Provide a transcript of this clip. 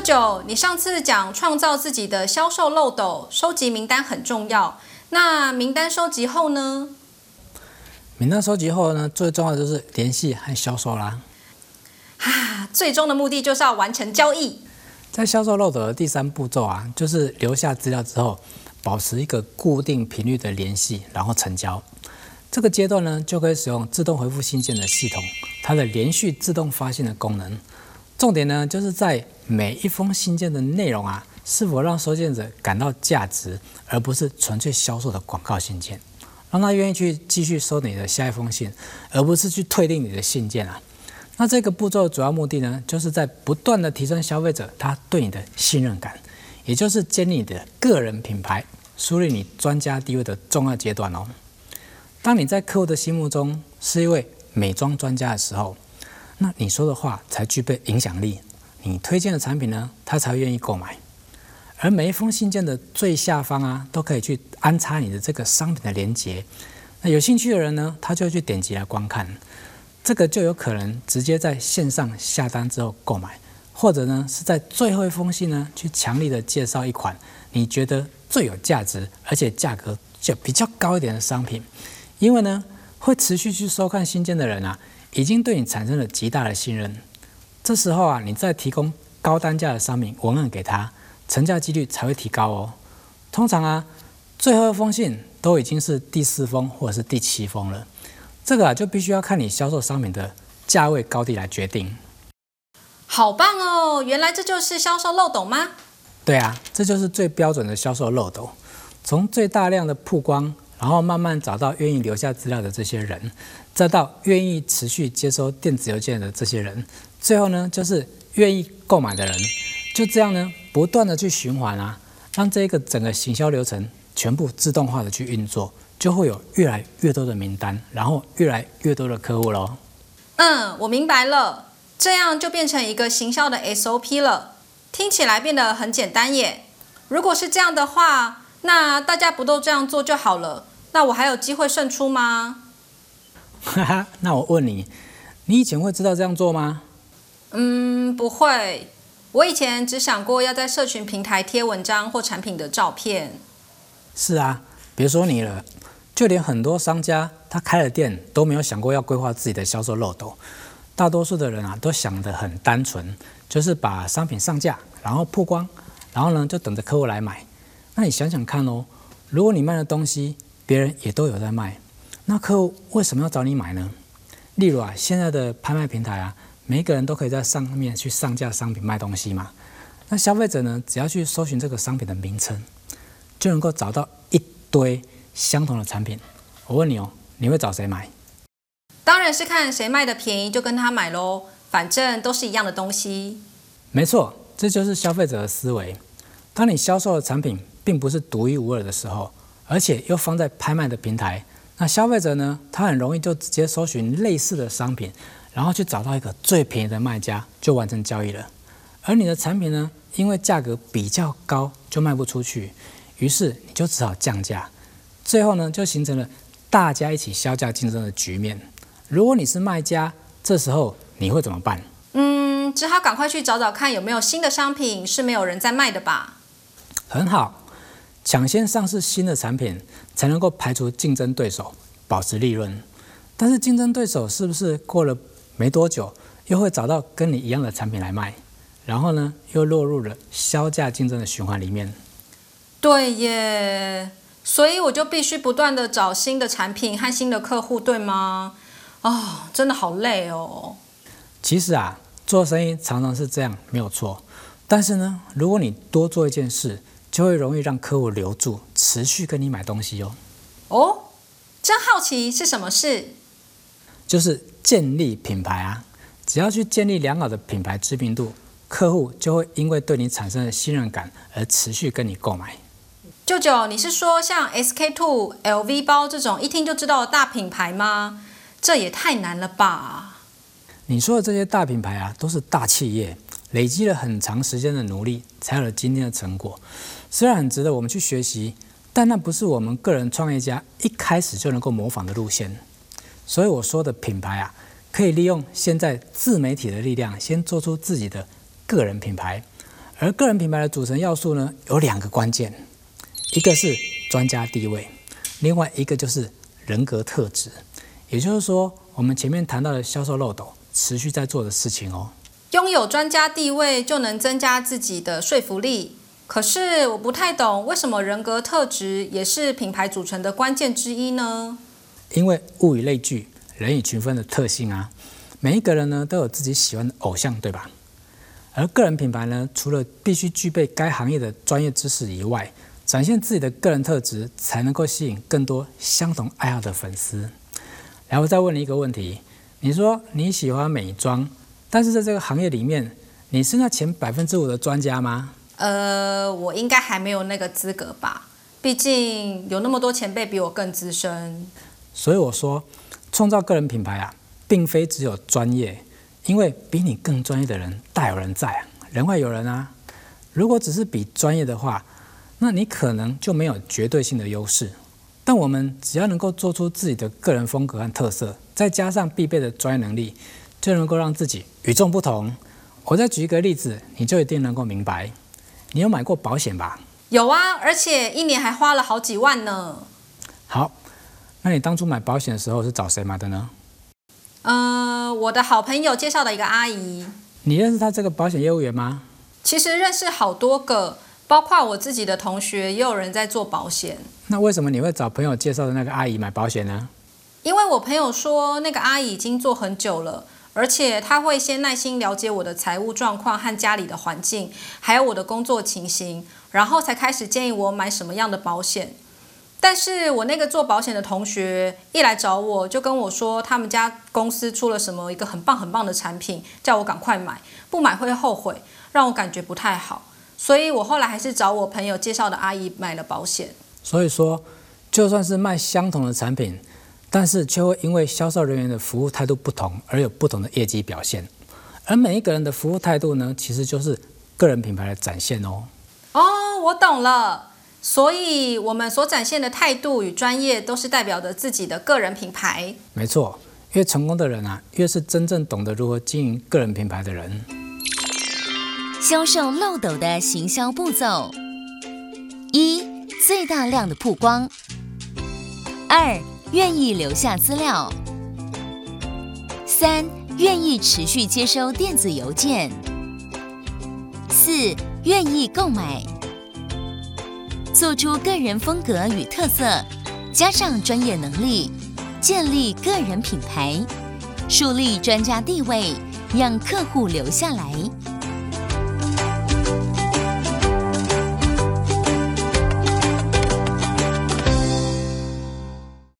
九，你上次講創造自己的銷售漏斗，收集名單很重要。那名單收集後呢？名單收集後呢，最重要的就是聯繫和銷售啦。啊，最終的目的就是要完成交易。在銷售漏斗的第三步驟啊，就是留下資料之後，保持一個固定頻率的聯繫，然後成交。這個階段呢，就可以使用自動回復信件的系統，它的連續自動發信的功能。重點呢，就是在每一封信件的內容啊，是否讓收件者感到價值，而不是純粹銷售的廣告信件，讓他願意去繼續收你的下一封信，而不是去退訂你的信件啊。那這個步驟主要目的呢，就是在不斷的提升消費者他對你的信任感，也就是建立你的個人品牌、樹立你專家地位的重要階段哦。當你在客戶的心目中是一位美妝專家的時候。那你說的話才具備影響力，你推薦的產品呢，他才會願意購買。而每一封信件的最下方啊，都可以去安插你的這個商品的鏈接。那有興趣的人呢，他就會去點擊來觀看，這個就有可能直接在線上下單之後購買，或者呢是在最後一封信呢，去強力的介紹一款你覺得最有價值，而且價格就比較高一點的商品。因為呢，會持續去收看信件的人啊。已經對你產生了極大的信任，這時候啊，你再提供高單價的商品文案給他，成交幾率才會提高哦。通常啊，最後一封信都已經是第四封或者是第七封了，這個啊就必須要看你銷售商品的價位高低來決定。好棒哦，原來這就是銷售漏斗嗎？對啊，這就是最標準的銷售漏斗，從最大量的曝光。然後慢慢找到願意留下資料的這些人，再到願意持續接收電子郵件的這些人，最後呢就是願意購買的人，就這樣呢不斷的去循環啊，讓這個整個行銷流程全部自動化的去運作，就會有越來越多的名單，然後越來越多的客戶咯。嗯，我明白了，這樣就變成一個行銷的 SOP 了，聽起來變得很簡單耶。如果是這樣的話，那大家不都這樣做就好了？那我還有機會勝出嗎？哈哈，那我問你，你以前會知道這樣做嗎？嗯，不會。我以前只想過要在社群平台貼文章或產品的照片。是啊，別說你了，就連很多商家他開了店都沒有想過要規劃自己的銷售漏斗。大多數的人啊，都想得很單純，就是把商品上架，然後曝光，然後呢，就等着客戶來買。那你想想看哦，如果你賣的東西，別人也都有在賣，那客戶為什麼要找你買呢？例如啊，現在的拍賣平台啊，每個人都可以在上面去上架商品賣東西嘛。那消費者呢，只要去搜尋這個商品的名稱，就能夠找到一堆相同的產品。我問你哦，你會找誰買？當然是看誰賣的便宜，就跟他買嘍。反正都是一樣的東西。沒錯，這就是消費者的思維。當你銷售的產品並不是獨一無二的時候。而且又放在拍賣的平台，那消費者呢？他很容易就直接搜尋類似的商品，然後去找到一個最便宜的賣家，就完成交易了。而你的產品呢，因為價格比較高，就賣不出去，於是你就只好降價。最後呢，就形成了大家一起削價競爭的局面。如果你是賣家，這時候你會怎麼辦？嗯，只好趕快去找找看有沒有新的商品是沒有人在賣的吧。很好。搶先上市新的產品，才能夠排除競爭對手，保持利潤。但是競爭對手是不是過了沒多久，又會找到跟你一樣的產品來賣？然後呢，又落入了削價競爭的循環裡面。對耶，所以我就必須不斷的找新的產品和新的客戶，對嗎？哦，真的好累哦。其實啊，做生意常常是這樣，沒有錯。但是呢，如果你多做一件事。就會容易讓客戶留住，持續跟你買東西哦。哦，真好奇是什麼事？就是建立品牌啊！只要去建立良好的品牌知名度，客戶就會因為對你產生的信任感而持續跟你購買。舅舅，你是說像 SK Two、LV 包這種一聽就知道的大品牌嗎？這也太難了吧？你說的這些大品牌啊，都是大企業累積了很長時間的努力，才有了今天的成果。雖然很值得我們去學習，但那不是我們個人創業家一開始就能夠模仿的路線。所以我說的品牌啊，可以利用現在自媒體的力量，先做出自己的個人品牌。而個人品牌的組成要素呢，有兩個關鍵，一個是專家地位，另外一個就是人格特質。也就是說，我們前面談到的銷售漏斗，持續在做的事情哦。擁有專家地位，就能增加自己的說服力。可是我不太懂，為什麼人格特質也是品牌組成的關鍵之一呢？因為物以類聚，人以群分的特性啊。每一個人呢都有自己喜歡的偶像，對吧？而個人品牌呢，除了必須具備該行業的專業知識以外，展現自己的個人特質，才能夠吸引更多相同愛好的粉絲。然後再問你一個問題，你說你喜歡美妝，但是在這個行業裡面，你是那前百分之五的專家嗎？呃，我應該還沒有那個資格吧？畢竟有那麼多前輩比我更資深。所以我說，創造個人品牌啊，並非只有專業，因為比你更專業的人大有人在啊，人外有人啊。如果只是比專業的話，那你可能就沒有絕對性的優勢。但我們只要能夠做出自己的個人風格和特色，再加上必備的專業能力，就能夠讓自己與眾不同。我再舉一個例子，你就一定能夠明白。你有買過保險吧？有啊，而且一年還花了好幾萬呢。好，那你當初買保險的時候是找誰買的呢？呃，我的好朋友介紹的一個阿姨。你認識她這個保險業務員嗎？其實認識好多個，包括我自己的同學也有人在做保險。那為什麼你會找朋友介紹的那個阿姨買保險呢？因為我朋友說那個阿姨已經做很久了。而且他會先耐心了解我的財務狀況和家裡的環境，還有我的工作情形，然後才開始建議我買什麼樣的保險。但是我那個做保險的同學一來找我就跟我說，他們家公司出了什麼一個很棒很棒的產品，叫我趕快買，不買會後悔，讓我感覺不太好。所以我後來還是找我朋友介紹的阿姨買了保險。所以說，就算是賣相同的產品。但是卻會因為銷售人員的服務態度不同而有不同的業績表現，而每一個人的服務態度呢，其實就是個人品牌的展現哦。哦，我懂了，所以我們所展現的態度與專業都是代表着自己的個人品牌。沒錯，越成功的人啊，越是真正懂得如何經營個人品牌的人。銷售漏斗的行銷步驟：一、最大量的曝光；二、願意留下資料。三、願意持續接收電子郵件。四、願意購買，做出個人風格與特色，加上專業能力，建立個人品牌，樹立專家地位，讓客戶留下來。